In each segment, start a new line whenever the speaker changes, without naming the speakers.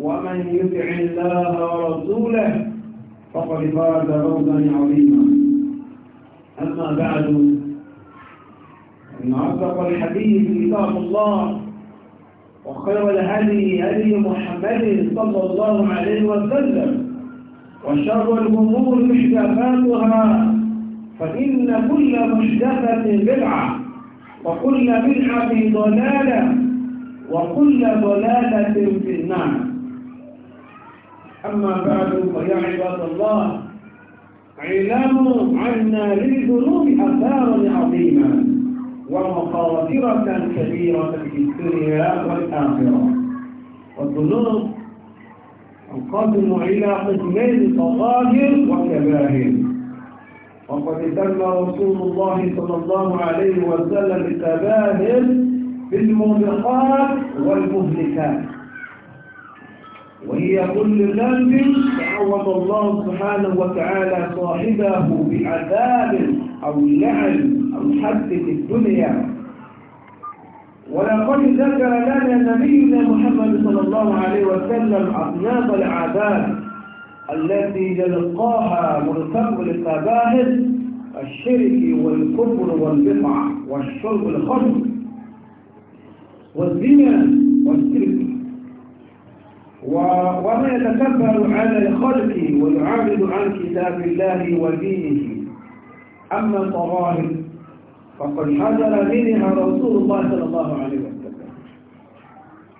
ومن يطع الله ورسوله فقد فاز فوزا عظيما اما بعد ان اصدق الحديث كتاب الله وخير الهدي هدي محمد صلى الله عليه وسلم وشر الامور محدثاتها فان كل محدثه بدعه وكل بدعه ضلاله وكل ضلاله في النار أما بعد فيا عباد الله اعلموا عنا للذنوب آثارا عظيما ومخاطرة كبيرة في الدنيا والآخرة والذنوب تنقسم إلى قسمين صغائر وكبائر وقد سمى رسول الله صلى الله عليه وسلم التباهر بالموبقات والمهلكات وهي كل ذنب تعوض الله سبحانه وتعالى صاحبه بعذاب أو لعن أو حد في الدنيا ولقد ذكر لنا نبينا محمد صلى الله عليه وسلم أصناف العذاب التي يلقاها مرتب الكبائر الشرك والكفر والبقع والشرب الخمر والزنا وما يتكبر على الخلق ويعرض عن كتاب الله ودينه أما الطواهر فقد حذر منها رسول الله صلى الله عليه وسلم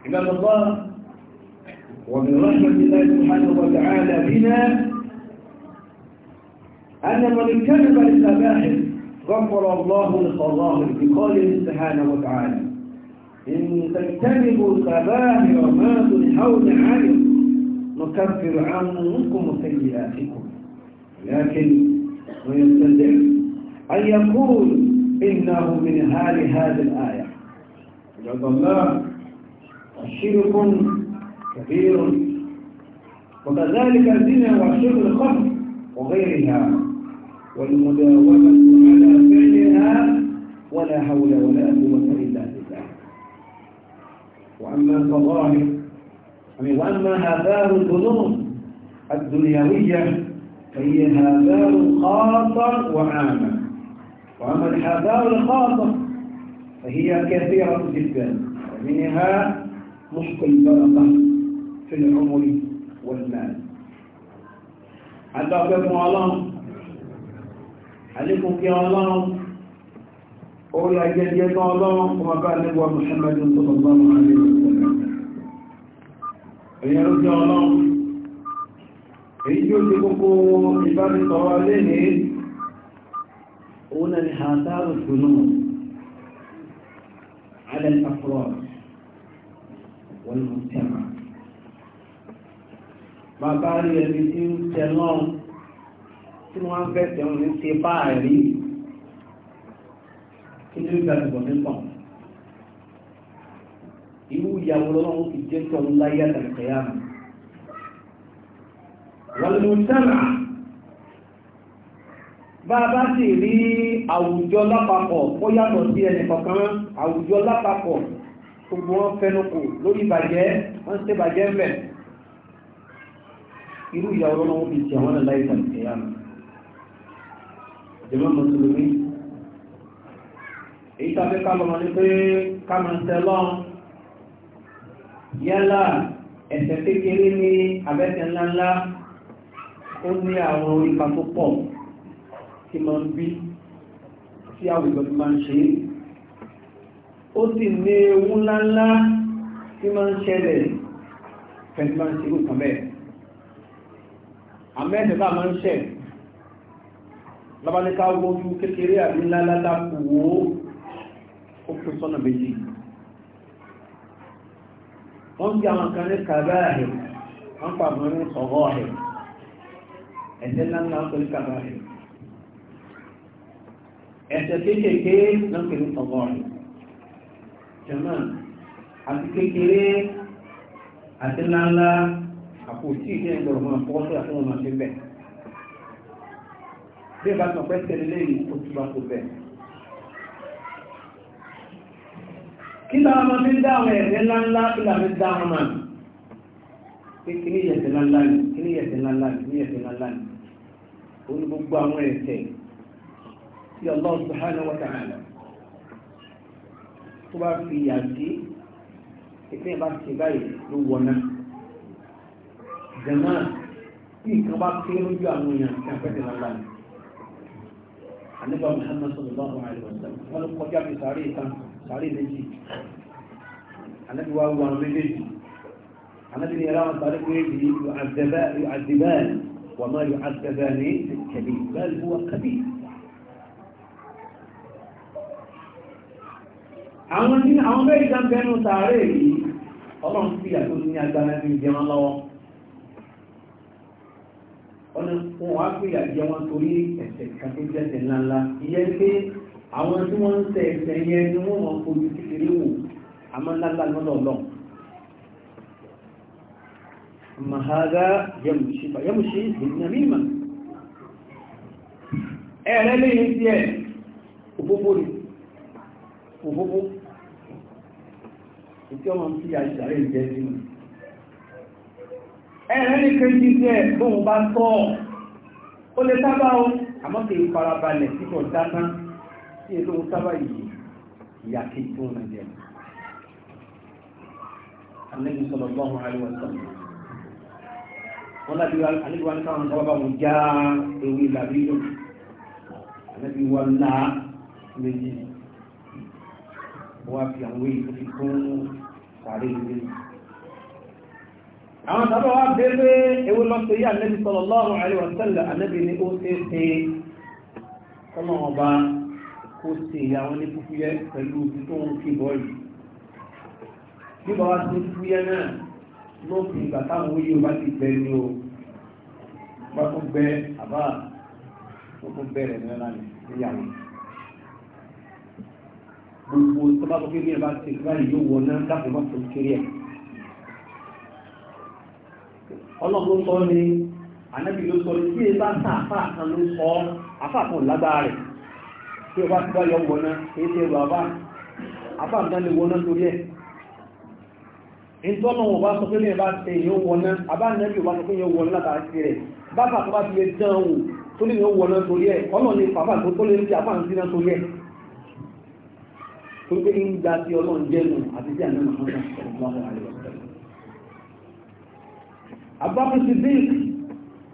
عباد الله ومن رحمة الله سبحانه وتعالى بنا أن من كذب للمباحث غفر الله لقضاه بقوله سبحانه وتعالى إن تجتنبوا كبائر ما تنهون عنه نكفر عنكم سيئاتكم لكن ويستدع أن يقول إنه من هال هذه الآية عباد الله الشرك كبير وكذلك الزنا والشرك الخمر وغيرها والمداومة على فعلها ولا حول ولا قوة وأما الفضائل يعني وأما هذان الظنون الدنيوية فهي هذان خاصة وعامة وأما الحذار الخاصة فهي كثيرة جدا منها مشكل البركة في العمر والمال حتى أقول الله عليكم في الله ó la jẹjẹ tán ọlọ́run kọmọ bá nígbà mọ̀ṣánlájú tó bàbá wọn àti ẹ̀yẹ ló jẹ́ ọlọ́run èyí tí ó ti kókó ìbánisọ̀rọ̀ alé ní òun náà ni àtàrù fúnnú alẹ́ afrọ́ wọn bàbá rí ẹni tí ń tẹ̀ náà tí wọ́n fẹ́ tẹ̀wọ̀n ní ti báà rí nítorí gba ìbọn ní pọ̀. irú ìyàwó lọ́wọ́ ti jẹ́ tọ́ láyé àtàkẹ́yà mi. wàlúùtánà bá a bá sì rí àwùjọ lápapọ̀ ó yàtọ̀ sí ẹnì kọ̀ọ̀kan àwùjọ lápapọ̀ gbogbo wọn fẹnukò lórí ìbàjẹ́ wọn ń ṣèbàjẹ́ ń bẹ̀. irú ìyàwó lọ́wọ́ ti jẹ́ àwọn ẹ̀láyé àtàkẹ́yà mi. jẹ́mọ́ mùsùlùmí èyí tàbí kálọ̀mọ̀ ní pé kámọ̀ntẹ́ lọ́n yálà ẹ̀ṣẹ̀ kékeré ní abẹ́tẹ̀ ńláńlá ó ní àwọn orípa tó pọ̀ tí ma ń bí tí àwùjọ ti máa ń ṣe ó sì ní ewu ńláńlá tí ma ń ṣẹlẹ̀ pẹ̀lú máa ń ṣe ìrù kan bẹ́ẹ̀ àmẹ́ẹ̀dẹ̀ bá máa ń ṣẹ̀ lọ́báníká gbójú kékeré àbí ńláńlá tá kù wó pín sọ́nà méjì wọ́n bí àwọn kan ní kàbáàrẹ̀ wọ́n pa àwọn ní sọ̀rọ̀ rẹ̀ ẹ̀ṣẹ̀ ńláńlá pẹ̀lú kàbáàrẹ̀ ẹ̀ṣẹ̀ kéékèèké náà pẹ̀lú sọ̀rọ̀ rẹ̀ jẹ̀mọ́ àti kékeré àti ńláńlá àpòtí ìdí ẹgbẹ̀rún máa fọwọ́ sí àtúnwọ̀n máa fi bẹ̀ bí ìbátan pẹ́ tẹ̀lé lẹ́yìn ó túbà tó bẹ̀ kí lára máa fi ń dá àwọn ẹ̀sẹ̀ ńláńlá kí lára fi ń dá àwọn máa pé kí ní ẹ̀sẹ̀ ńláńlá ni kí ní ẹ̀sẹ̀ ńláńlá ni kí ní ẹ̀sẹ̀ ńláńlá ni òun gbogbo àwọn ẹ̀sẹ̀ tí Allah subhanahu wa ta'ala tó bá fi ìyà sí ìpín bá ti báyìí ló wọná jẹ̀mọ́ tí nǹkan bá kéré lójú àwọn èèyàn tí a fẹ́ tẹ̀lé ńláńlá ni. Àníbà Muhammad sallallahu alaihi wa sallam sàárè méjì anábì wá wọn méjèèjì anábì ní ẹ̀rọ àwọn sàárè méjèèjì yóò àdìbẹ́ẹ̀ wà máa yóò àdìbẹ́ẹ̀ ní kẹ̀lé bẹ́ẹ̀ ló wà kẹ́lé. àwọn ní àwọn mẹ́rin dá bẹnu sàárè yìí ọlọ́run fi àtò ní agbára ní ìjẹun lọ́wọ́ ọ̀nà wọn pè àjẹwọn torí ẹ̀sẹ̀ kan tó jẹ́ ẹ̀sẹ̀ ńláńlá ìyẹn pé àwọn tí wọ́n ń tẹ ẹ̀sẹ̀ yẹn ni wọ́n mọ̀ fojú kékeré wò àmọ́ ńláńlá lọ́dọ̀ ọlọ́run ba yamushi ìdìnnàmímà ẹ̀rẹ́ lẹ́yìn tí ẹ̀ òfófó ni òfófó ìtí ọmọ tí a ṣàrẹ́ ìjẹ́ sí mi ẹ̀rẹ́ ní kéjì tí ẹ̀ bóun bá tọ́ ó lè sábà ó títọ̀ tí èlò ń sábà yìí ìyá kejì tó ń jẹ anabi sallallahu alaihi wasallam wọn láti wá anabi wa ní káwọn sábà bá wọn já ewé làbí lò anabi wa ńlá méjì wọn fi àwọn èyí tó fi kún sàárè ìwé àwọn sábà wá bẹ́ẹ̀ ewé lọ́sọ̀ yìí anabi sallallahu alaihi wasallam anabi ni ó ṣe é ṣe kọ́mọ̀ ọba kó ṣe àwọn ní fúfúyẹ́ pẹ̀lú ojú tó ń fi bọ́ yìí bí bá wá sí fúfúyẹ́ náà ló fi ìgbà táwọn oyè bá ti gbẹ ní o bá tó gbẹ àbá tó tó bẹ̀rẹ̀ náírà níyàwó gbogbo tó bá tó kéré bá ti báyìí yóò wọ náà dáàbò bá tó kéré ẹ̀ ọlọ́run ló sọ ní ànábì ló sọ ní tí e bá sá àfáà kan ló sọ àfáà kan lágbára rẹ̀ tí ọba tí báyọ̀ wọ̀ná èyí tí ẹrù àbá àbáǹdá lè wọ̀ná torí ẹ̀ ìtọ́nà wọn bá sọ pé ní ẹ̀bá tẹ èyàn wọ̀ná àbáǹdẹ́bì ọba sọ pé èyàn wọ̀ná látara sí rẹ̀ bábà tó bá ti lè dán wò tó lè yàn wọ̀ná torí ẹ̀ ọlọ́ ni bàbá tó tó lè ń fi àbáǹ síná torí ẹ̀ tó pé ń gba ti ọlọ́run jẹ́nu àti sí àná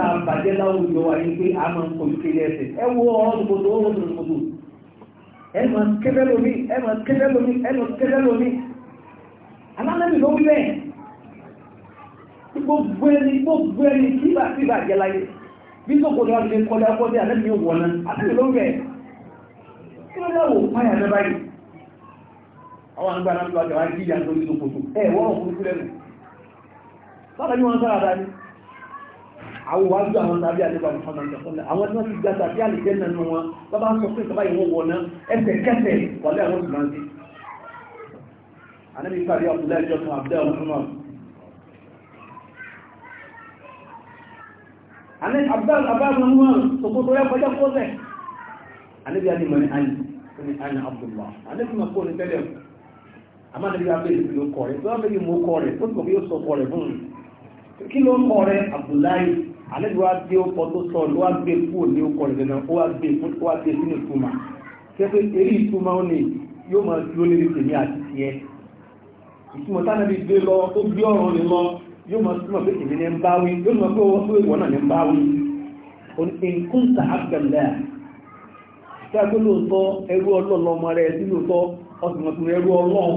tá a bàjẹ́ láwùjọ wa yìí pé a máa ń kojú kéré ẹsẹ̀ ẹ wo ọ̀rọ̀ tòkòtò ọ̀rọ̀ tòkòtò ẹ máa kéré lómi ẹ máa kéré lómi ẹ máa kéré lómi alálẹ́bí ló wí bẹ́ẹ̀ gbogbo ẹni gbogbo ẹni kíbà kíbà jẹ́ láyé bí tòkòtò àti kọjá kọjá alẹ́bí yóò wọ̀ náà alẹ́bí ló wí bẹ́ẹ̀ kí ló dáwò páyà náà báyìí àwọn àgbà náà lọ́jọ́ wá jíjà lórí tòkòtò ẹ̀ wọ́n àwọn wájú àwọn tàbí àlébà Muhammad ṣàkọlẹ̀ àwọn tí wọ́n ti gbà tàbí àlèjẹ́ náà nù wọn tó bá sọ pé ìjọba ìwọ̀n wọ̀nà ẹsẹ̀ kẹsẹ̀ wọlé àwọn ìgbà ńdí. ànábi pàdé àbúlé ẹjọ́ fún abdé Muhammad. ànábi abdé Muhammad sọ̀kọ́ tó yẹ kọjá kọ́sẹ̀. ànábi àti mọ̀ ní àyè ní àyè Abdullah ànábi mọ̀ kó ní tẹ́lẹ̀ àmọ́ ànábi abẹ́lẹ̀ ló kọ̀ rẹ̀ tó wà àlejò wa gbé ọkọ̀ tó sọ ló wá gbé kúrò ní ọkọ̀ rẹ̀ náà ó wá gbé ó wá gbé sínú ìtumà kẹfẹ́ eré ìtumà ó ní yóò máa dúró lórí tèmi àti tiẹ̀ ìtumọ̀ táwọn ẹbí gbé lọ tó gbé ọ̀rọ̀ ni lọ yóò máa túmọ̀ pé èmi ní ń bá wí yóò máa pé owó pé ìwọ náà ní ń bá wí nkúnta àgbẹ̀lẹ̀ tí a gbé lóòótọ́ ẹrú ọlọ́ọ̀lọ́ ọmọ rẹ̀ sí lóòótọ́ ọ̀sùnmọ̀sùn ẹrú ọlọ́ọ̀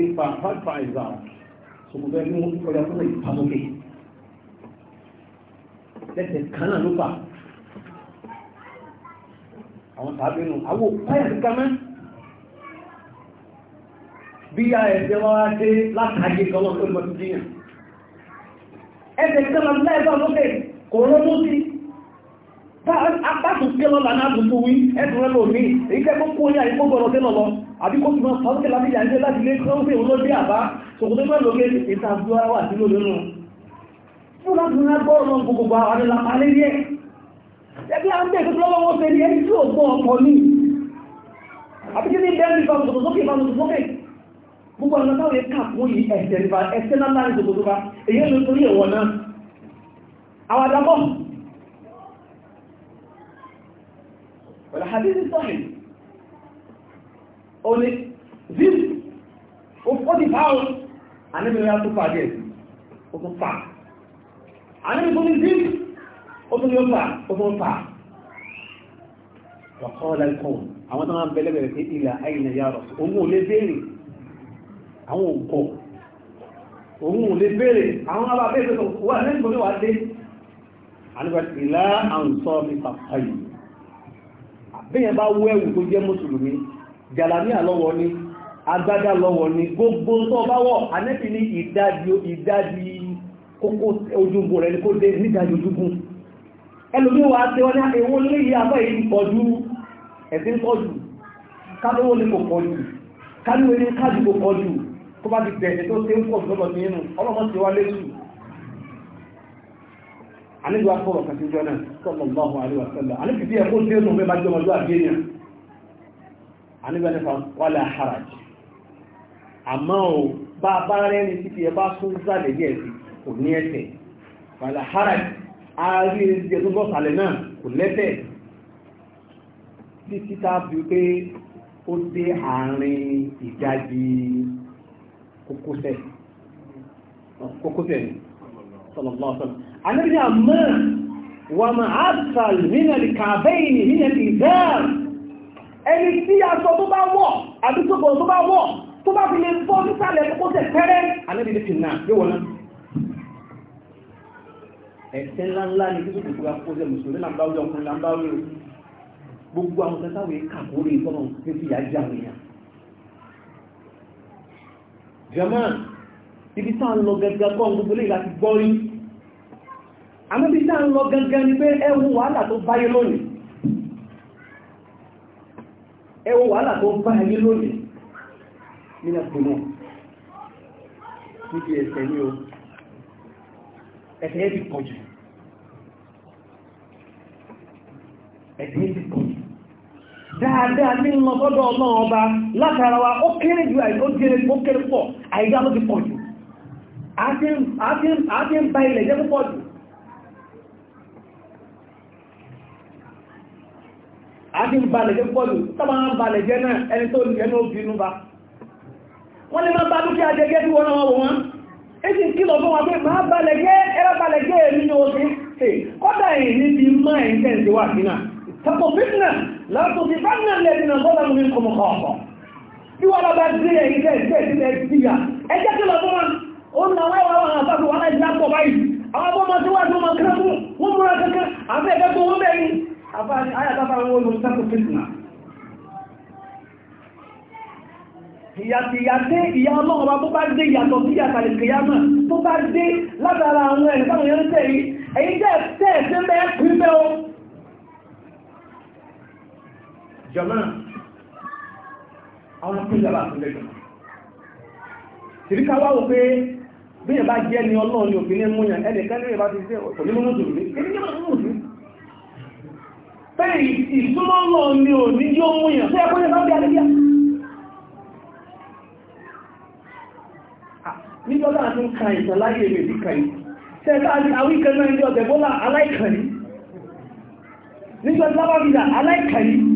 ìfà fàfà ìzà ṣòkòtò lẹ́sẹ̀ kan náà ló fà àwọn tàbí nù àwọn òpáyà kíkà mẹ́ bí a ẹ̀jẹ̀ wá dé látàgé kọlọ́ tó lọ sí jíyàn ẹ̀jẹ̀ kíkà máa lẹ́ẹ̀bà lókè kò rọ́mú sí apáṣù kí lọ́la náà tuntun wí ẹ̀tùn rẹ̀ lòmí èyí tẹ́ kó kó ní àyíkó gbọ́rọ̀ sí lọ́lọ́ àbí kó túnmọ̀ sọ́ọ́kẹ́ lábíyà ń jẹ́ láti lé tó ń pè wọ́n ló dé àbá ṣòkòtò mẹ́lòkè ìtàgbúwá wà sí lónìí fúnlọ́dún lágbọ́ ọ̀rọ̀ gbogbo àwọn ìlàpá lérí ẹ̀ ẹgbẹ́ àndẹ́ ìfẹ́ lọ́wọ́ ṣe ní ẹni tí ó gbọ́ ọkọ̀ ní àbíkí ní bẹ́ẹ̀ nípa òtòtòsókè ìfà òtòtòsókè gbogbo ọ̀nà táwọn ẹ̀ka fún yìí ẹ̀jẹ̀ nípa ẹ̀sẹ̀ náà ní tòtòtòba èyí ló torí ẹ̀wọ̀ náà àwọn àdàbọ̀ ọ̀là hadithi sọ́hìn ó ní zip ó àárín fún ìdí ó tún ní ó fà ó tún fà wàkọ́ lẹ́kọ̀ọ́ àwọn tó máa ń bẹ̀lẹ̀ bẹ̀rẹ̀ pé ilẹ̀ àìyàn ya rọ̀ òun ò lè béèrè àwọn òkò òun ò lè béèrè àwọn alábẹ́ ìfẹ́ wà lẹ́yìn tó ní wà dé àníbà ìlà àǹsọ́ mi pàpàyì bẹ́yẹn bá wọ ẹ̀wù tó jẹ́ mùsùlùmí jàlámíà lọ́wọ́ ni kókó ojúbò rẹ̀ ní kó dé nídàájú ojúbùn ẹlòmí wa ṣe wọ́n ní ewó ah, lé yìí abọ́ èyí pọ̀jú ẹ̀sìn pọ̀jù kálówó ní kò pọ̀jù kálówó ní káàdì kò pọ̀jù tó bá ti bẹ̀rẹ̀ tó ṣe ń pọ̀ jù lọ́mọ sí inú ọlọ́mọ ti wá lẹ́sù àlejò akọ̀rọ̀ kan ti jọ náà sọ̀tọ̀ bá wọn àríwá sẹ́lẹ̀ àlejò bí ẹ̀kọ́ ṣe é nù bẹ́ẹ̀ bá jọmọ lọ́wọ́ àbí èèyàn àlejò nípa wàlẹ̀ àhàràjì àmọ́ títí ẹ bá sún sálẹ̀ díẹ̀ sí kò ní ẹsẹ̀ wàlàhárà àárí ẹgbẹ́ tó lọ́sàlẹ̀ náà kò lẹ́sẹ̀ títí tábí pé ó dé àárín ìdajì kókósẹ̀ kókósẹ̀ ni sallallahu alaihi wasallam anábìyà mọ́ wà máa àtàl nínàlì kàbẹ́yìn nínàlì ìdáàr ẹni tí aṣọ tó bá wọ̀ àdúgbò tó bá wọ̀ tó bá fi lè bọ́ nísàlẹ̀ kókósẹ̀ pẹ́rẹ́ anábìyà ti nà yóò ẹ̀sẹ̀ ńláńlá ni kíkò tó kó ṣe mùsùlùmí là ń bá wí ọkùnrin là ń bá wí o gbogbo àwọn kan táwọn èèkà kó rí ìtọ́nà tó fi yà já wọn yàn. jama ibi tá à ń lọ gẹ́gẹ́ kọ́ gbogbo lè láti gbọ́ rí àmọ́ ibi tá à ń lọ gẹ́gẹ́ ni pé ẹ wàhálà tó báyé lónìí ẹ wàhálà tó báyé lónìí nínú ẹ̀kọ́ náà níbi ẹ̀sẹ̀ ní o ẹ̀sẹ̀ yẹ́ ti pọ̀jù ẹ̀dín dáadáa ní mọ́ ọmọ ọba látara wa ó kéré ju ó kéré pọ̀ àìdá ló ti pọ̀ jù a ti ń ba ilẹ̀ jẹ́ púpọ̀ jù a ti ń ba ilẹ̀ jẹ́ púpọ̀ jù tọ́bà ń ba ilẹ̀ jẹ́ náà ẹni tó wọ́n lè máa bá gẹ́ wọ́n wọ́n tọ́tọ̀ fitna látò ti bá náà lẹ́yìn náà bọ́lá mi kò mọ̀ kọ̀ọ̀kọ̀ bí wọ́n bá dé ẹ̀yìn tẹ́ ẹ̀jẹ̀ ìdílé ti yà ẹjẹ́ kí lọ fún ó ń náwó ẹwà wọn àtàkù wọn láti lápọ̀ báyìí àwọn ọmọ tí wọ́n ti mọ̀ kí wọ́n múra kankan àbẹ́ ẹ̀jẹ̀ tó wọ́n bẹ̀rẹ̀ ayàtàfà wọn lò tọ́tọ̀ fitna ìyàtìyàtẹ́ ìyà ọlọ́ọ̀bá tó bá dé ìyàtọ̀ sí ìyàtàlẹ̀ kìyàmọ̀ tó bá dé látara àwọn ẹ̀rẹ̀ táwọn èèyàn tẹ̀rí èyí jẹ́ tẹ́ẹ̀ sí mẹ́ẹ̀ pínpẹ́ o jọmọ́ àwọn tó yàrá tó lẹ́jọ́ tìríkà wá wò pé bí yẹn bá jẹ́ ni ọlọ́run ní òfin ní múyàn ẹnìkan ní ìbá ti ṣe ọ̀pọ̀ nínú mùsùlùmí èmi ní ọ̀pọ̀ mùsùlùmí bẹ́ẹ̀ ìsúnmọ́ ọlọ́run ní òní yóò múyàn tó yẹ kó yẹ bá bí adébíyà níjọ́ láà tún ka ìtàn láyé rẹ̀ bí ka yìí tẹ́lá àwíkẹ́ náà ní ọ̀tẹ̀ bọ́lá aláìkàní níjọ́ lábàbíjà aláìkàní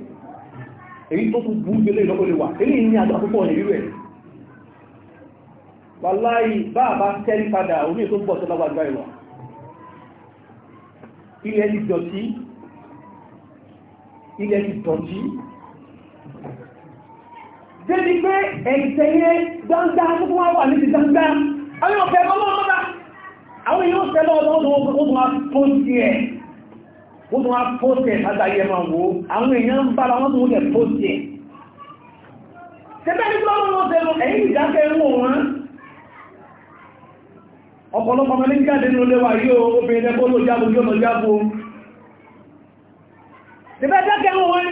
èyí tó kú bú gbélé ìlọ́pọ̀ lè wà èyí ní àjọ púpọ̀ ní rírẹ̀ wàláì bá bá tẹ́rí padà orí tó pọ̀ tó lágbàgbà ìwà ilẹ̀ ti dọ̀tí ilẹ̀ ti dọ̀tí débi pé ẹ̀ìtẹ̀yẹ dáńdá tó wá wà níbi dáńdá àwọn èèyàn fẹ́ lọ́wọ́ ó tún wá pósẹ̀ látàyẹ ma wo àwọn èèyàn ń bára wọ́n tún lẹ̀ pósẹ̀ tẹ́bẹ́ nígbà wọn wọ́n tẹ́lọ ẹ̀yìn ìdákẹ́ ń wò wọ́n ọ̀pọ̀lọpọ̀ mẹ́lẹ́ jáde ní olówà yóò obìnrin ẹgbẹ́ ló jábò yóò lọ jábò tẹ́bẹ́ dákẹ́ ń wò wọ́n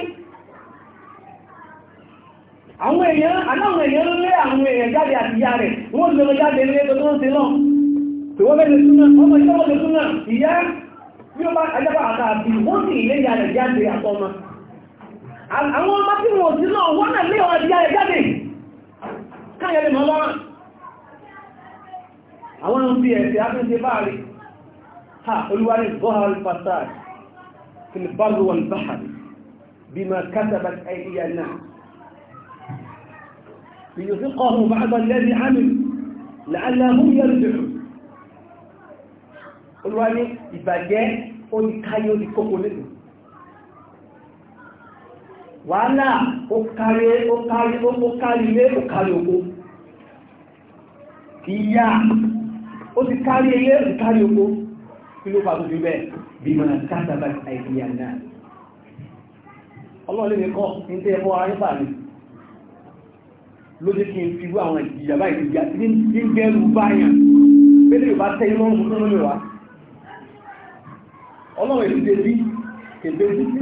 àwọn èèyàn aláwọn èèyàn lé àwọn èèyàn jáde àti ìyá rẹ̀ wọ́n lọ jáde ní ẹgbẹ́ tó ń ṣe náà tòwọ́ bẹ́ẹ̀ bí ó bá ẹjọ́bà àtàbí wọ́n sì ilé ìyá rẹ̀ jáde àtọ́mà àwọn ọmọ tí wọ́n sí náà wọ́n náà lé ọ̀rọ̀ ìyá rẹ̀ jáde káyẹ̀ lè mọ́ lọ́rọ̀ àwọn ohun bí ẹ̀sẹ̀ afẹ́sẹ̀ bá rí ha olúwarí zohar fasad filibaru wọn bahari bí ma kásàbà ẹ̀yà náà بعض الذي عمل لعلهم يرجعون olúwa ní ó di káyé ó di kókó lẹ́nu wàhálà oko ìyá ti kari ilé ó kárí oko kí ló fàtó bẹ́ẹ̀ bí mọ̀nà kásàbà àìdíyà náà ọlọ́ọ̀lẹ́ mi kọ́ ní tẹ́ ẹ̀kọ́ arífà mi ló jẹ́ kí n fi wú àwọn ìjìyà báyìí ìjìyà tí ń gbẹ́rù báyàn pé lè tẹ́ inú ọlọ́run èyí dé bí kèbé títí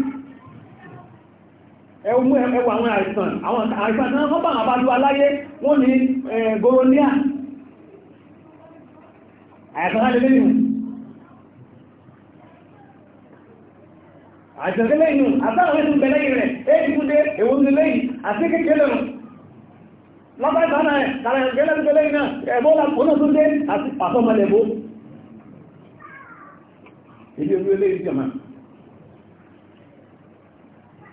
ẹwọ àwọn àìsàn àwọn àìsàn náà wọ́n bá àwọn abájú aláyé wọ́n ní goronia àìsàn láti lẹ́yìn àìsàn lẹ́yìn àtàwọn ẹ̀sùn bẹ̀lẹ́yìn rẹ̀ èyí kú dé èwo ní lẹ́yìn àti kékeré rẹ̀ èyí olú ilé ìjọmá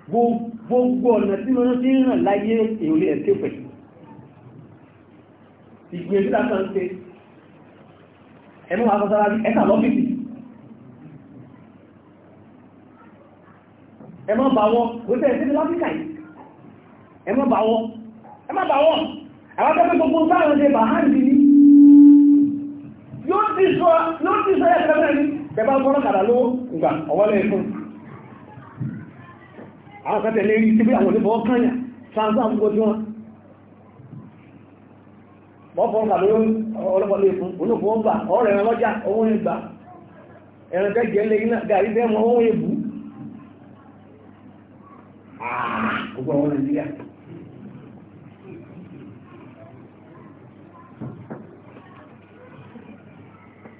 gbogbo ọ̀nà tí wọ́n ti ràn láyé ìròlé ẹ̀ tẹ́fẹ̀ ìgbìyànjú láta ń tẹ́ ẹmú afọ́sára bí ẹ̀ta lọ́fíìsì ẹmọ́ bà wọ́n kò tẹ́ ẹ̀sẹ́ láfíkà yìí ẹmọ́ bà wọ́n ẹmọ́ bà wọ́n àwọn akẹ́kọ̀ọ́ gbogbo sáà ń ṣe bàhánì ní yóò ti sọ ẹ̀kẹ́ mẹ́rin tẹ́bá gbọ́nà kàdà ló gbà ọ̀wọ́lẹ̀ fún àwọn kẹtẹ̀ lè rí sí àwọn olùbọ̀ kányà sáńsán gbogbo tí wọ́n bọ́ kàdà ló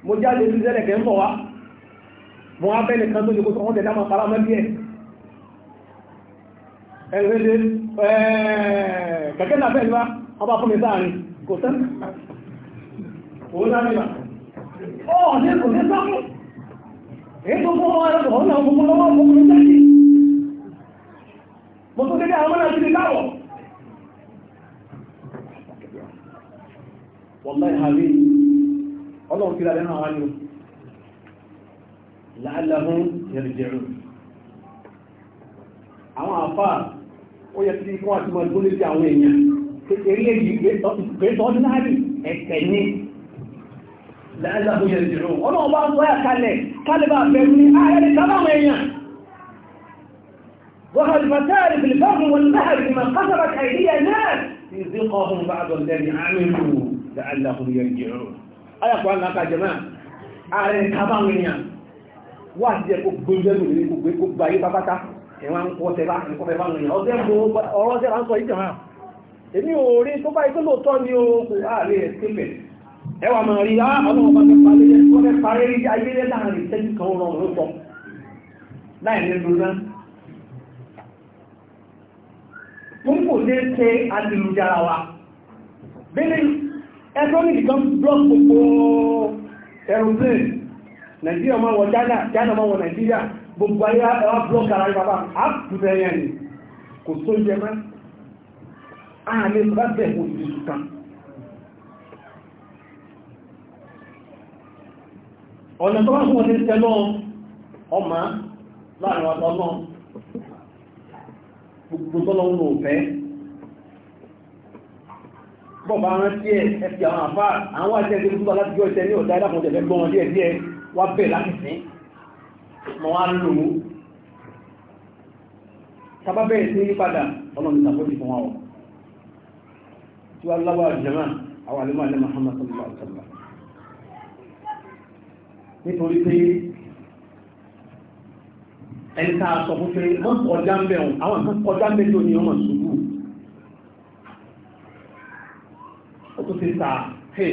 mo jáde ń bọ̀ wá mo wá bẹ́ẹ̀ nìkan tó ṣe kó sọ wọ́n tẹ̀lé àwọn ará mẹ́bí ẹ̀ ẹ̀rẹ́dẹ́ kẹ̀kẹ́ náà bẹ́ẹ̀ ni wá wọ́n bá fún mi sáàrin kò sẹ́ òun náà nígbà ó ní kò ní sáàmù èyí tó fún wọn ẹ̀rọ ọ̀nà ọmọ lọ́wọ́ ọmọ mi sẹ́yìn mo tó ọlọ́run fi lálẹ́ náà wá ní o láàlàmú yẹrìjẹrù àwọn àfà ó yẹ kí wọ́n àti máa gbóni sí àwọn èèyàn eré èyí gbẹ́tọ́ ordinary ẹ̀kẹ́ ní láàlàmú yẹrìjẹrù ọ̀nà ọba wáyà kalẹ̀ kalẹ̀ bá bẹ̀rù ní ààrẹ kábàwọn èèyàn وهل المسارب البر والنهر بما قصبت أيدي الناس يذيقهم بعض الذي عملوا لعلهم يرجعون أيقوا أنك يا جماعة ààrẹ kábàwọn èèyàn wà á jẹ́ kó gbóúnjẹ lò ní gbogbo kó gba ayé pátápátá ẹ̀wọ̀n à ń kọ́ tẹ́lá ẹ̀kọ́ fẹ́ fáwọn èèyàn ọ̀sẹ̀ mo ọ̀rọ̀ sẹ́ra ń sọ èmi ò rí tó bá ikú lóòótọ́ ni o kò àárẹ̀ ẹ̀ sílẹ̀ ẹwà máa rí á ah, ọlọ́wọ́ bá ti parí ẹ̀ wọ́n fẹ́ parí rí ayé láàrin ìṣẹ́jú kan rọrùn ló sọ láì nínú náà fún kò lè ṣe adìlújára nàìjíríà máa wọ china china máa wọ nàìjíríà gbogbo ayé ẹwà blọọkì ara yìí bàbá àpùtẹ yẹn ni kò tó jẹ mọ́ àmì bá bẹ̀ kò sí sùkàn ọ̀nà tó wá fún ọdún tẹ́lọ ọmọ láàrin ọ̀tọ̀ náà gbogbo tọ́lọ́ ń lò fẹ́ bọ́ọ̀bá rántí ẹ̀ ẹ̀ fi àwọn àfáà àwọn àti ẹgbẹ́ gbogbo aláàbíọ́ ìtẹ́ ní ọ̀dá ìdàkùnjẹ̀ wá bẹ̀ láti sìn mọ́ wá lò ó tábà bẹ̀rẹ̀ sí ní padà ọlọ́run ìsàkóso fún wa ọ̀ tí wàá lábọ̀ àjẹmọ́ àwọn àlùmọ́ àlẹ́ Muhammad sallallahu alaihi wa sallam nítorí pé ẹni tá a sọ fún pé wọ́n kọjá ń bẹ̀ wọn àwọn kan kọjá ń bẹ̀ tó ní ọmọ sùúrù ó tún ti ta hey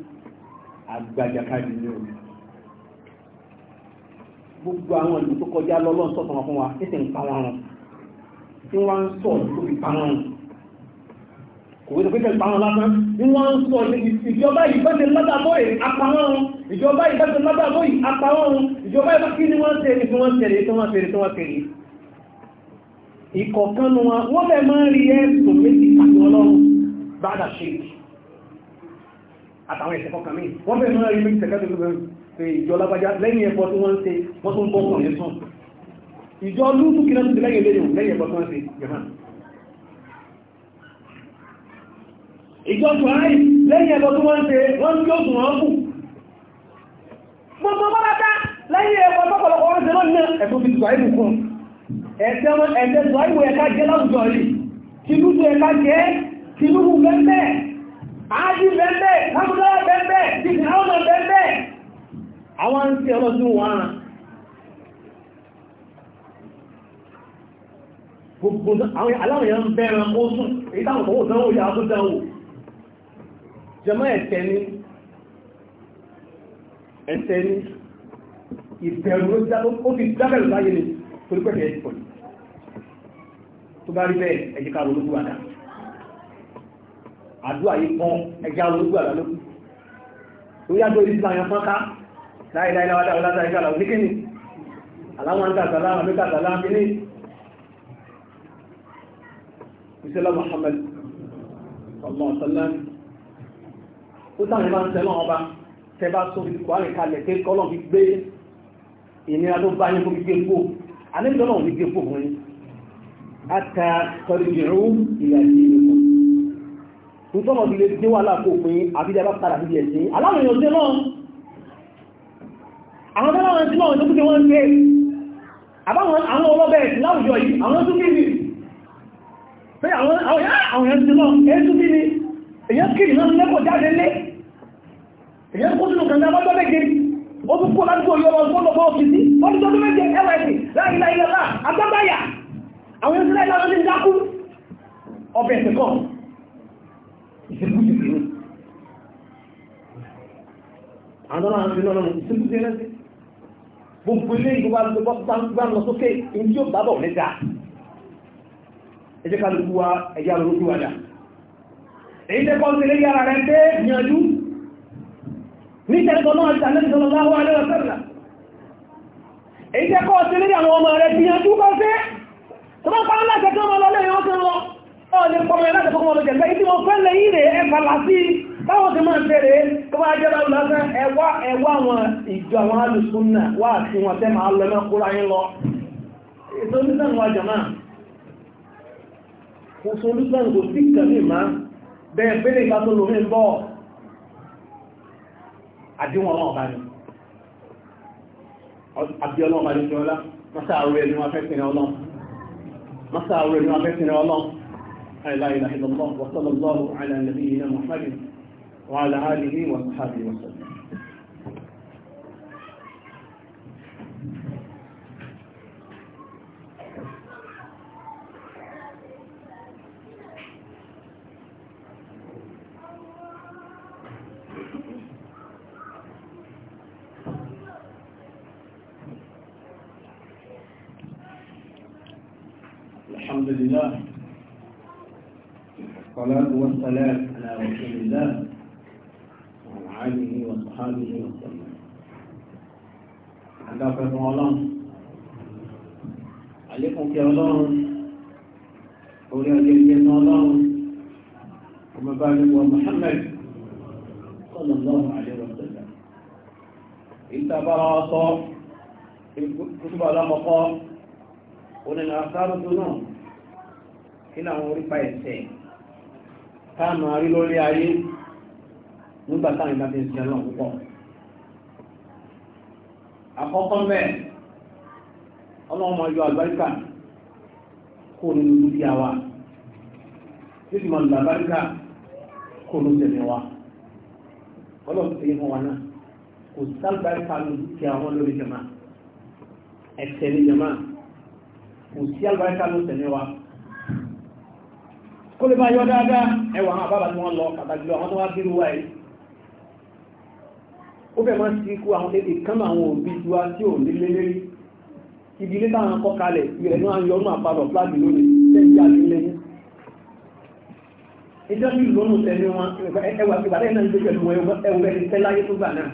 àgbàjàkadì ní omi gbogbo àwọn ìlú tó kọjá lọ́lọ́ sọ̀tàn wọn fún wa tètè ń pa wọn tí wọ́n ń sọ tó fi pa wọn kò wípé tètè ń pa wọn lásán tí wọ́n ń sọ ìjọba ìbẹ́sẹ̀ lọ́dàbọ̀ yìí apá wọn ìjọba ìbẹ́sẹ̀ lọ́dàbọ̀ yìí apá wọn ìjọba ìbẹ́sẹ̀ kí ni wọ́n ṣe ni wọ́n ṣe tí wọ́n ṣe tí wọ́n ṣe ìkọ̀kan wọn wọ́n fẹ́ máa ń rí ẹ̀sùn méjì àti ọlọ́run bá dà ṣe kì àtàwọn ẹ̀ṣẹ̀ kọkàn mí wọ́n bẹ̀rẹ̀ náà rí mẹ́tẹ̀kẹ́ tó gbẹ̀rẹ̀ pé ìjọ lágbájá lẹ́yìn ẹ̀kọ́ tí wọ́n ń ṣe wọ́n tún bọ́ ọkùnrin sùn ìjọ lútù kí náà ti lẹ́yìn lẹ́yìn lẹ́yìn ẹ̀kọ́ tí wọ́n ń ṣe jẹ̀mọ́ ìjọ buhari lẹ́yìn ẹ̀kọ́ tí wọ́n ń ṣe wọ́n tí ó sùn wọ́n kù gbogbo mọ́látá lẹ́yìn ẹ̀kọ́ tọ́pọ̀lọpọ̀ wọ́n ṣe lọ́nà ẹ̀kọ́ fi tùwà ìlú fún áájú bẹ́ẹ̀ kápútọ́lá bẹ́ẹ̀ ti ìhàwọ́nà bẹ́ẹ̀ àwọn ń tí ọlọ́dún wọn gbogbo àwọn aláwòyàn ń bẹ́ẹ̀rẹ̀ ó sùn èyí táwọn owó tánwò yà tó dánwò jẹmọ́ ẹ̀tẹ́ ní ẹ̀tẹ́ ní ìbẹ̀rù ó fi dábẹ̀rù láyé ni torípẹ̀ẹ̀ ẹ̀kọ́ tó bá rí bẹ́ẹ̀ ẹ̀jẹ̀ká ológun àdáà àdúrà yìí pọ́n ẹja olóògbé àlálógún tó yàtọ̀ ìdílé àyàn pọ́nká láìláì láwádà ọlọ́dà ìgbà làwọn síkìnì aláwọn ń tàtàlá àmì tàtàlá kìíní ìṣẹ́lá Muhammad ọmọ ọ̀sánlá ó sáàmì máa ń tẹ́lọ́ ọba tẹ́bá tó fi kọ́ àrìnkalẹ̀ pé kọ́lọ̀ fi gbé ìnira tó bá yín kó fi gbé pò àníjọ́lọ̀ fi gbé pò fún yín àtà kọ́lù ìrú ìyàjì nítọ́nà ti lè dé wà láàkó pé àbídẹ́ bá padà bíbí ẹ̀sìn aláwọn èèyàn tẹ́ náà àwọn tẹ́láwọn tí wọ́n tó kúté wọ́n ń gbé àbáwọn àwọn ọlọ́bẹ̀ láwùjọ yìí àwọn tó kìí pé àwọn èèyàn tẹ́ náà èyí tó kìí èyàn kìí náà lẹ́kọ̀ọ́ jáde lé èyàn kó sínú kàndà lọ́jọ́ méje ó tún kó láti òyọ́ ọgbọ́n lọ́gbọ́n òfìsí wọ́n tó tó méje ẹ̀rẹ́sì láìláìlá àgbábáyà àwọn èèyàn tẹ́láwọn tí ń dákú ọbẹ̀ ẹ̀sẹ̀ kan àwọn àwọn àfihàn ọlọ́run ìsinmi sí ẹlẹ́sìn gbogbo ilé ìgbà gbà lọ sókè ní yóò bábọ̀ lẹ́jà ẹjẹ́ kálukú wa ẹjá lórí wàdà èyí tẹ́kọ́ sí lé yára rẹ̀ pé yànjú ní tẹ́kọ́ náà ti àlẹ́ ìṣọ́lọ́ láwọ́ alẹ́ ọ̀sẹ́rìnà èyí tẹ́kọ́ sí lé àwọn ọmọ rẹ̀ ti yànjú kọ́ sí tó bá pa láti ẹjọ́ ọmọ lọ́lẹ́ ìwọ́n ti rọ ọ̀ lè pọ̀ mọ́ ẹ̀ láti fọ́kọ́ mọ́ lọ́jẹ̀ báwọn ti máa bẹ̀rẹ̀ tó bá jẹ́ báwọn lásán ẹwà ẹwà àwọn ìjọ àwọn alùsùnà wà sí wọn tẹ́ máa lọ náà kúrò ayé lọ ètò onísàn wa jàmá kò sí onísàn kò sí ìkàlẹ̀ ìmá bẹ́ẹ̀ bẹ́ẹ̀ ìgbà tó lómi ń bọ̀ àdíwọn náà bá ní àbí ọlọ́run bá ní fi ọlá masáàrù ẹni wọn fẹ́ sinmi الله على نبينا محمد وعلى آله وصحبه وسلم الحمد لله والصلاة والسلام على رسول الله alihi wa sallam adáfẹ́ fún ọlọ́run àlékún kí ọlọ́run orí ọjọ́ ìjẹ́ fún ọlọ́run ọmọ bá ní wọ Muhammad sallallahu alaihi wa sallam ìtàbára ọ̀sọ́ ìkútùbà ọlọ́mọkọ́ onílà sáré náà kí làwọn nígbà táwọn ìbá ti ń sẹ́lọ̀ púpọ̀ àkọ́kọ́ mẹ́ẹ̀ ọlọ́run máa yọ àlùbáríkà kó nínú dúkìá wa títí máa lọ àlùbáríkà kó nínú tẹ̀lé wa ọlọ́run ti fún wa náà kò sálùbáríkà nínú dúkìá wọn lórí jama ẹ̀sẹ̀ ní jama kò sí àlùbáríkà nínú tẹ̀lé wa kó lè bá yọ dáadáa ẹwà àwọn àbábà tí wọ́n lọ pàtàkì lọ àwọn tó wá bírú wa ó fẹ́ máa ti kú àwọn èdè kánmà àwọn òbí tiwa tí ò nílé lérí ibi ilé táwọn kọ́ kalẹ̀ ìrẹ̀ náà yọ ọ́nà àpapọ̀ fúláàgì lónìí lẹ́yìn àti lẹ́yìn ìjọ bí lónù tẹ̀lé wọn ẹwà tí wàlẹ́ náà ń gbé pẹ̀lú wọn ẹwù ẹni tẹ́lá yé tó gbà náà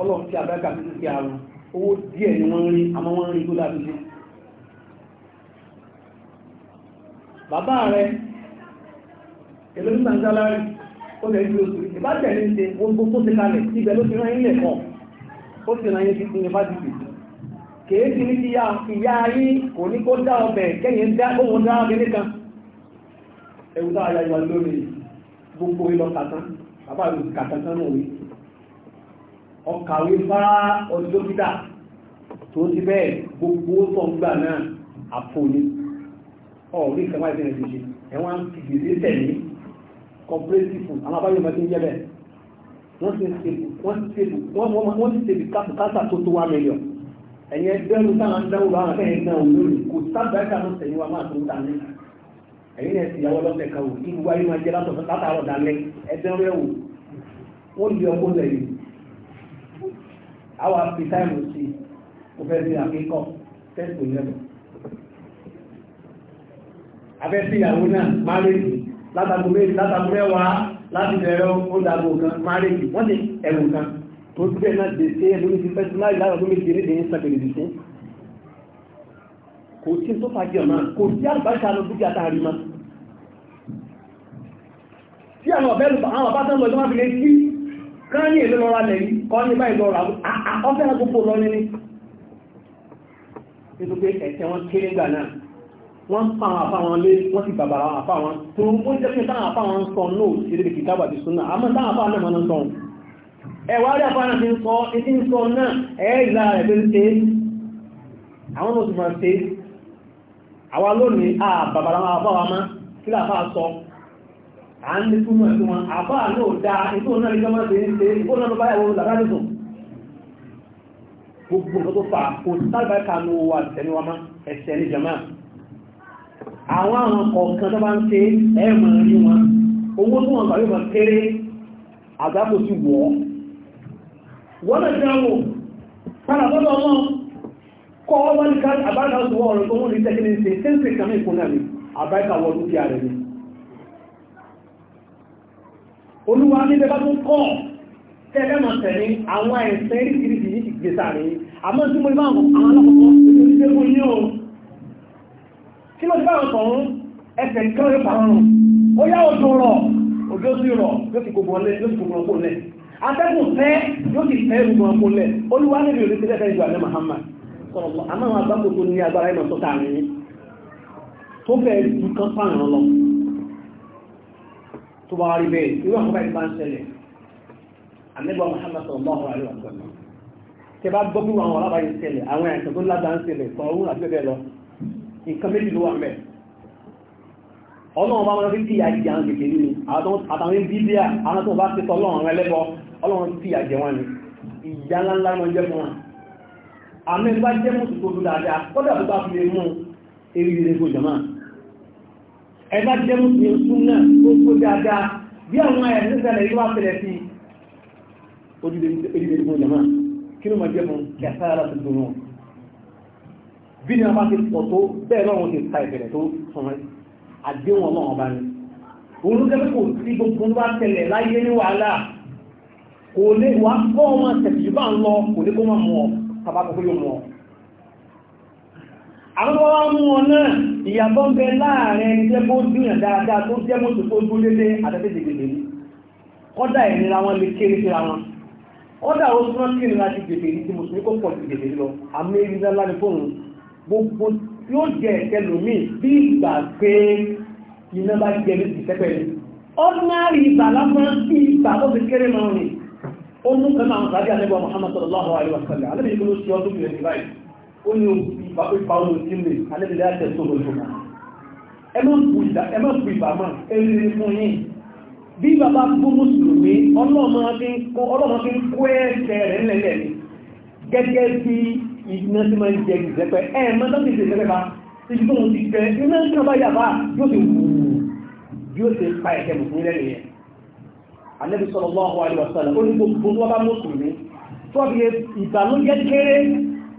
ọlọ́run ti abẹ́ka tó ti àrùn owó díẹ̀ ni wọ́n ń rí àmọ́ wọ́n ń rí tó dájú sí bàbá rẹ̀ èlò nígbà ń sálárì ó lè rí oṣù ìbátẹ̀lé ń ṣe ohun tó ṣe kalẹ̀ ibẹ̀ ló ti rán ilẹ̀ kan ó sì rán yẹn sí yunifásitì kèé ti ní ti ya ìyá ayé kò ní kó dá ọbẹ̀ kẹ́yìn dá ohun dá ọbẹ̀ nìkan ẹ̀wù tó ayá ìwà lórí gbogbo ìlọ kàtán bàbá ìlú kàtán tán òwe ọkàwé bá ọdọ́kítà tó ti bẹ́ẹ̀ gbogbo tó ń gbà náà àpò ọ̀rí kan wáyé fẹ́rẹ̀ comparative food àwọn abáyọ̀ máa ti ń se bẹ́ẹ̀ wọ́n ti ṣèlú wọ́n ti ṣèlú wọ́n ti ṣèlú kátà tó tó one million ẹ̀yẹ bẹ́ẹ̀rù táwọn dáwọ́ bá wọn fẹ́ẹ̀ náà lórí kò sábà ẹ̀ka ló sẹ̀yìn wa máa tó ta ní ẹ̀yìn náà ti yàwọ́ lọ́sẹ̀ kan wò kí wáyé máa jẹ́ látọ̀ látàrọ̀ dalẹ̀ ẹ̀dẹ́ rẹ̀ wò wọ́n lé ọkọ lẹ́yìn àwọn afi táìmù sí i kò fẹ́ sí àkíkọ́ tẹ́sítì lẹ́nu afẹ́ sí ìyàwó náà má lè dùn látàkù méjì látàkù mẹ́wàá láti bẹ̀rẹ̀ ó dàgbò kan márèjì wọ́n ní ẹ̀rù kan tó ti bẹ́ẹ̀ náà dé sí ẹ̀rù ní ti fẹ́ sí láì látàkù méjì ní ìdíyìn sàkèrè dì sí kò sí tó fàájì ọ̀nà kò sí àlùbáṣà lọ dúkìá tá a rí ma tí àwọn ọ̀bẹ́ lù àwọn ọ̀bá tán lọ tó má fi lè sí kán ní èlé lọ́ra lẹ̀ yìí kọ́ ní báyìí lọ́ra ọ̀fẹ́ àgbókò lọ nínú nítorí ẹ̀tẹ́ wọn kéré gbà náà wọ́n ń pa àwọn àfáwọn lé wọ́n sì bàbàrà àwọn àfáwọn tó ó jẹ́ pé táwọn àfáwọn sọ náà sí ilé kìí tábà ti súnà àmọ́ táwọn àfáwọn náà máa ń sọ ẹ̀wà rí àfáwọn náà ti ń sọ etí ń sọ náà ẹ̀ẹ́gbà rẹ̀ tó ń ṣe àwọn náà ti máa ṣe àwa lónìí à bàbàrà àwọn àfáwọn máa kí láfáà sọ à ń lé túmọ̀ sí wọn àfáà náà da ètò náà ní gbọ́mọ́ ṣe ń ṣe ìkó náà bá yàwó làbájọ́sùn gbogbo nǹkan tó fà kò sábà kanú wa tẹ̀lé wa má ẹ̀sẹ̀ ní jama àwọn àwọn kọ̀ọ̀kan tó bá ń ṣe ẹ̀mọ̀ rí wọn owó tó wọn gbàgbé wọn kéré àgbákò sí wọ́ wọ́n lè jẹ́ wò padà bọ́dọ̀ ọmọ kọ́ wọ́n ní ká àbáríkà oṣù wọ́n ọ̀rọ̀ tó wọ́n ní tẹ́kíní ṣe tẹ́ǹsì kan ní ìkúnlẹ̀ mi àbáríkà wọ́n dúkìá rẹ̀ ni olúwa ní bẹ́ẹ̀ bá tún kọ́ tẹ́lẹ̀ mọ̀ tẹ̀lé àwọn ẹ̀sẹ̀ ìrìsìrìsì yìí ti gbèsà kí ló ti báwọn sọ̀rún ẹsẹ̀ nǹkan rẹ̀ pàrùn ó yá òjò rọ̀ òjò sí rọ̀ yóò ti gbogbo ọlẹ́ yóò ti gbogbo ọkọ̀ lẹ̀ atẹ́kùn fẹ́ yóò ti fẹ́ gbogbo ọkọ̀ lẹ̀ olúwa níbi òní ti lẹ́fẹ̀ẹ́ ju àlẹ́ Muhammad sọ̀rọ̀ àmọ́ àwọn agbáko tó ní agbára ìmọ̀ tó tààrin ní tó fẹ́ ju kan pààrùn lọ àwọn Muhammad sallallahu alaihi wa sallam tẹ bá gbọ́ bí wọn àwọn alábàáyé ṣẹlẹ̀ àwọn àìsàn tó lágbàá ń ṣẹlẹ̀ sọ̀rọ̀ àti bẹ́ẹ̀ lọ nǹkan méjì ló wà mẹ́ ọlọ́run bá wọn fi ìyà jẹ àwọn gègé nínú àtàwọn bíbíà àwọn tó bá ti sọ ọlọ́run rẹ lẹ́bọ ọlọ́run fi ìyà jẹ wọn ni ìyà ńláńlá wọn jẹ fún wọn àmì bá jẹ́ mùsùn tó dúró dáadáa kọ́dà tó bá fi lè mú eré rere kó jọmọ́ ẹ bá jẹ́ mùsùn fún náà tó kó dáadáa bí àwọn ẹ̀rí sẹ́lẹ̀ yóò wá fẹ́lẹ̀ sí ojúlé eré rere kó jọmọ́ kí ló máa jẹ́ fún kẹsàárà tuntun náà bí ní ọba ti pọ̀ tó bẹ́ẹ̀ lọ́run ti ta ìbẹ̀rẹ̀ tó sọmọ àdéhùn ọlọ́run ọba ni òun ló jẹ́ kò sí gbogbo bá tẹ̀lẹ̀ láyé ní wàhálà kò lè wá bọ́ ọmọ tẹ̀sí bá ń lọ kò lè kó máa mọ̀ tàbá kókó yóò mọ̀ àwọn ọmọ mú ọ náà ìyàbọ̀ ń bẹ láàrin ẹni tẹ́ bó dúnyàn dáadáa tó jẹ́ mọ́tò tó dún dédé àtẹ́tẹ́dẹ̀gbẹ̀lẹ̀ kọ́dà ó súnmọ́ kéré láti gbèbè ní ti mùsùlùmí kó pọ̀ ju gbèbè lọ àmì ìrìnlá ní fóònù gbogbo yóò jẹ ẹ̀kẹlòmí bí ìgbà pé iná bá jẹ ní ìtẹ́pẹ̀ ní ọ́nàrí ìgbà lásán bí ìgbà tó fi kéré máa rìn ó mú kan náà sáré àlẹ́gbà Muhammad sallallahu alaihi wa sallam alẹ́bí ìgbà ló ṣe ọdún ìrìn ìbáyìí ó ní ìgbà pé pa ohun tí lè alẹ́bí láti ẹ̀sọ́ lóṣù ẹ má bu ìgbà máa ẹni ní fún yín bí bàbá bú mùsùlùmí ọlọ́mọ fi ń kó ẹsẹ̀ rẹ̀ ńlẹ̀lẹ̀ gẹ́gẹ́ bí iná tí máa ń jẹ ìzẹ́pẹ́ ẹ̀ máa tán ti ṣe ìzẹ́pẹ́ bá ibi tó ń ti jẹ iná tí wọ́n bá yà bá yóò ti wù yóò ti pa ẹ̀jẹ̀ mùsùlùmí lẹ́nu yẹn Ànábì sallallahu alaihi wasallam ó ní gbogbo tó bá mùsùlùmí tó fi ìbànújẹ́ kéré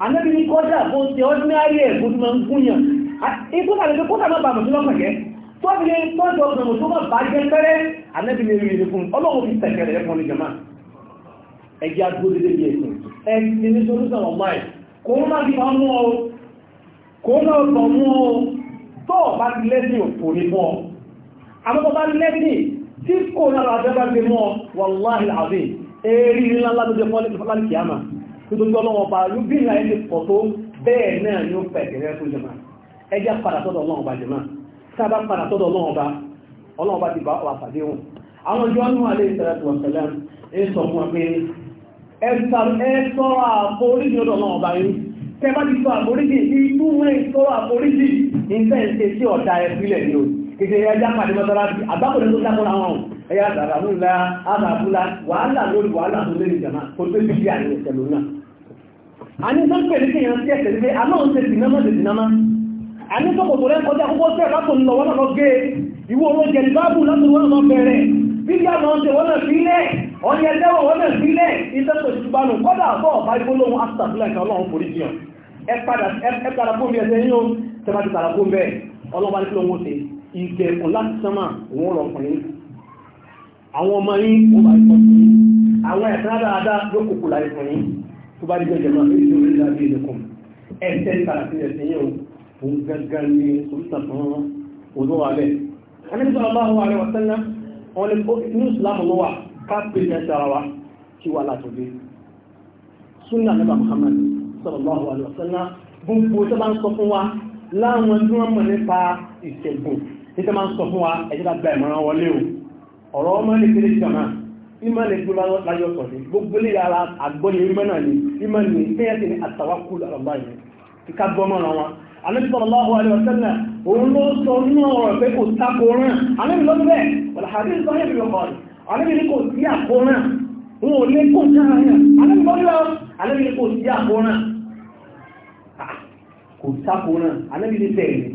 Ànábì ní kọ́dà bó ti ọ́dínárì ẹ̀ bó ti máa ń gúnyàn ikú tàbí pé kọ́dà má ba mùsùlùmí lọ́kàn jẹ́ tó fi tọ́jú ọ̀sán mùsùlùmí bá jẹ́ pẹ́rẹ́ Ànábì ní rí fún ọlọ́run fi tẹ̀kẹ̀rẹ̀ fún ọlọ́jọ́ máa ẹjẹ́ agbódédé yẹn ẹni ní sọ́dún sọ̀rọ̀ máì kò má bí wọ́n mú ọ kò má ọ̀tọ̀ mú ọ tó ọ̀bá ti lẹ́sìn òfò ní fún ọ àmọ́kọ́ bá lẹ́sìn tí kò lára àjẹ́bá ti mọ́ wàláhì àbí èrí ńlá lábẹ́jẹ́ fọ́lẹ́sì kìámà nítorí ọlọ́wọ́ bá lú bí ìlà ẹni pọ̀ tó bẹ́ẹ̀ náà ni ó pẹ̀gẹ̀rẹ́ fún jẹma ẹjá padà sọ́dọ̀ ọlọ́wọ́ bá jẹma sábà padà sọ́dọ̀ ọlọ́wọ́ bá ọlọ́wọ́ bá ti bá wà pàdé wọn àwọn ìjọ anú alẹ́ ìsẹ̀rẹ̀ ẹ̀sọ́rọ̀ àforíjì ọdọ̀ náà ọba yìí tẹ́ ti sọ àforíjì ikú rẹ̀ sọ́rọ̀ àforíjì ìfẹ́ ìṣe ọ̀dá ẹ̀fílẹ̀ ni ó kìí ẹjá pàdé mọ́sálásí àbákòrò tó dákọ́ra wọn ẹ̀yà àdàbúlá àdàbúlá wàhálà lórí wàhálà tó lé ìjàmá kò tó ti a ẹ̀sẹ̀ a ní sọ́pọ̀ tó wọ́n lọ wọ́n yẹ jẹ́wọ̀ wọ́n náà sílẹ̀ ìtẹ́tò ìtùbánu kọ́dà àbọ̀ ọ̀bá ìgbólóhun astagfillah kan ọlọ́run forí jiyàn ẹ padà fún mi ẹsẹ̀ yín o tẹ́bà ti tààrà fún bẹ́ẹ̀ ọlọ́pàá ní kí lóhun ṣe ìgbẹ̀kùn láti sánmà òun lọ fún yín àwọn ọmọ yín ó bá ìfọ́ sí àwọn ẹ̀sán dáadáa yóò kókò láì fún yín tó bá dìgbẹ́ jẹ̀mọ́ àti ìṣòro ìlú àbí ìlẹ̀kùn ẹsẹ̀ ti tààrà fún ẹsẹ̀ yín o òun gángan ní oríṣà fún olówó alẹ́ káàkiri ẹ̀ṣẹ̀ ara wa kí wà látòdé súnà nígbà Muhammad sallallahu alaihi wasallam gbogbo tó bá ń sọ fún wa láwọn tí wọ́n mọ̀ nípa ìṣègùn tí tó bá ń sọ fún wa ẹ̀jẹ̀ bá gba ìmọ̀ràn wọlé o ọ̀rọ̀ ọmọ ní kéré jọ̀nà ìmọ̀ lè gbó láyọ̀ sọ̀dé gbogbo lè yára àgbọ́yé ìmọ̀ náà ni ìmọ̀ ní kéyàtì ní àtàwákù lọ́rọ̀ yìí kíká gbọ́mọ̀ràn wa Ànábì alẹ́bìnrin kò sí àkóràn wọn ò lè kó jẹ́ àyàn alẹ́bìnrin lọ alẹ́bìnrin kò sí àkóràn ah, kò sákóràn alẹ́bìnrin bẹ̀rẹ̀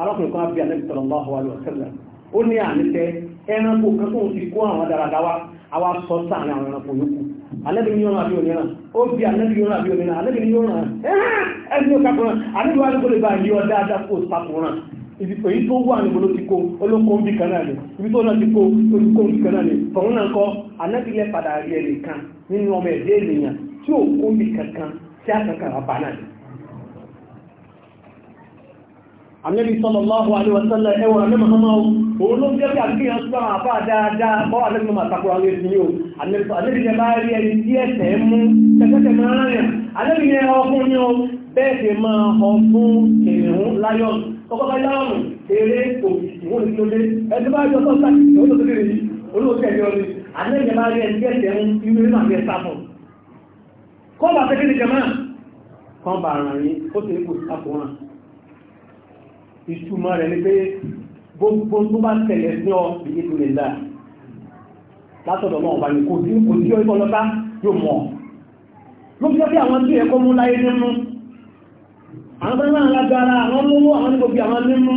alákùnrin kan bí alẹ́bìnrin sọ̀rọ̀ lọ́wọ́ àwọn ọ̀sẹ̀lẹ̀ ó ní àníṣẹ́ ẹranko kan tó ń fi kó àwọn dáradára àwa sọ sáàrin àwọn ẹranko yòókù alẹ́bìnrin yóò ràn àbí òmìnira ó bí alẹ́bìnrin yóò ràn àbí òmìnira alẹ́bìnrin yóò ràn ẹ̀hán ẹ̀sìn yóò sákóràn alẹ́bìnrin wà ní kó lè bá yọ dáadáa kó sákóràn èyí tó wà níbo ló ti kó olóko ń bí kan náà lè ibi tó náà ti kó olùkó ń bí kan náà lè tọ̀hún náà kọ́ anábìlẹ̀ padà rí ẹnì kan nínú ọmọ ẹ̀dẹ́ ènìyàn tí ò kó ń bí kankan tí a kankan àbá náà lè. ànábì sallallahu alaihi wa sallam ẹwọ̀n ànábì mọ́mọ́ òun ló ń jẹ́ kí àfihàn sọ àwọn àbá dáadáa bọ́ ànábì mọ́mọ́ àtakùrọ̀ àwọn èsì yìí o ànábì yẹn bá rí ẹni tí ẹsẹ̀ mú tẹ́tẹ́tẹ́ máa ń rìn ànábì yẹn ọkùnrin o bẹ́ẹ̀ sì máa ọ fún kìnìún láyọ̀nù ọkọ̀kọ̀ yáàmù eré òkìkì wọ́n ti lóde ẹni bá yọ sọ́sà ìjọ tó tẹ́lẹ̀ yìí olóòtú ẹ̀yọ́ ni àlẹ́yìn bá rí ẹni gẹ̀ẹ́sẹ̀ ń irú nínú àbẹ́ sáfọ̀ kọ́ bá tẹ́lẹ̀ ní jẹmọ́ kan bá ara rí ó ti kò sáfọ̀ hàn ìtumọ̀ rẹ̀ ni pé gbogbo tó bá tẹ̀lé sí àwọn tó náà lágbára àwọn lówó àwọn nígbòbí àwọn mímú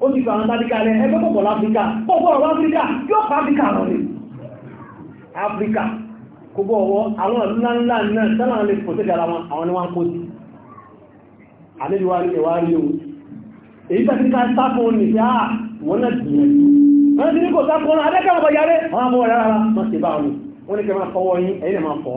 ó ti fà àwọn tàbíkà rẹ̀ ẹgbẹ́ pọ̀pọ̀ láfíríkà pọ̀pọ̀ ọ̀rọ̀ áfíríkà yóò pa áfíríkà rọ̀ ní áfíríkà kò bọ̀ ọwọ́ àwọn ńláńlá náà sẹ́lá lè pọ̀ tẹ́jà ara àwọn níwọ̀n kó sí àlejòwárí ẹ̀wárí o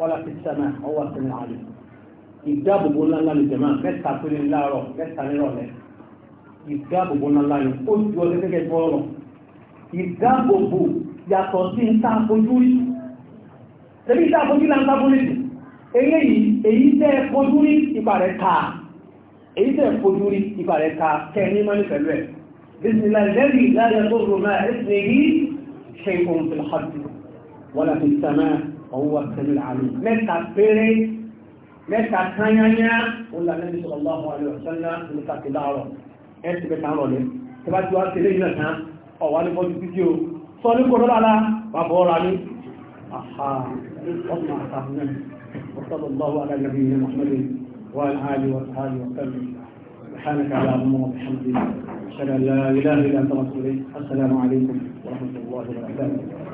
wọ́n láti sẹ́nà ọwọ́ sẹ́nà àlè ìdáàbòbò ńláńlá lè jẹ̀mọ́ mẹ́ta péré láàárọ̀ mẹ́ta nírọ̀lẹ́ ìdáàbòbò ńláńlá yìí ó ju ọdún gẹ́gẹ́ bọ́ ọ̀rọ̀ ìdáàbòbò yàtọ̀ sí ń ta fojú rí tẹ̀lé ìta fojú là ń ta fojú rí eléyìí èyí tẹ́ fojú rí ipa rẹ̀ ta èyí tẹ́ fojú rí ipa rẹ̀ ta kẹ́ ní mọ́ni pẹ̀lú ẹ̀ bísí ọwọ́ àtẹ́lú àmì mẹ́ta péré mẹ́ta kányányá olùlànàbí sallallahu alaihi wasallam mẹ́ta ti láàrọ̀ ẹ̀sì mẹ́ta rọ̀lẹ́ tí bá ti wá tẹ́lẹ̀ ìrìnà tán ọ̀wá ní fọ́jú fídíò sọ ní kòrò lára bàbọ̀ ọ̀rà ní وصلى الله على نبينا محمد وعلى اله وصحبه وسلم سبحانك اللهم وبحمدك اشهد ان لا اله الا انت السلام عليكم ورحمه الله وبركاته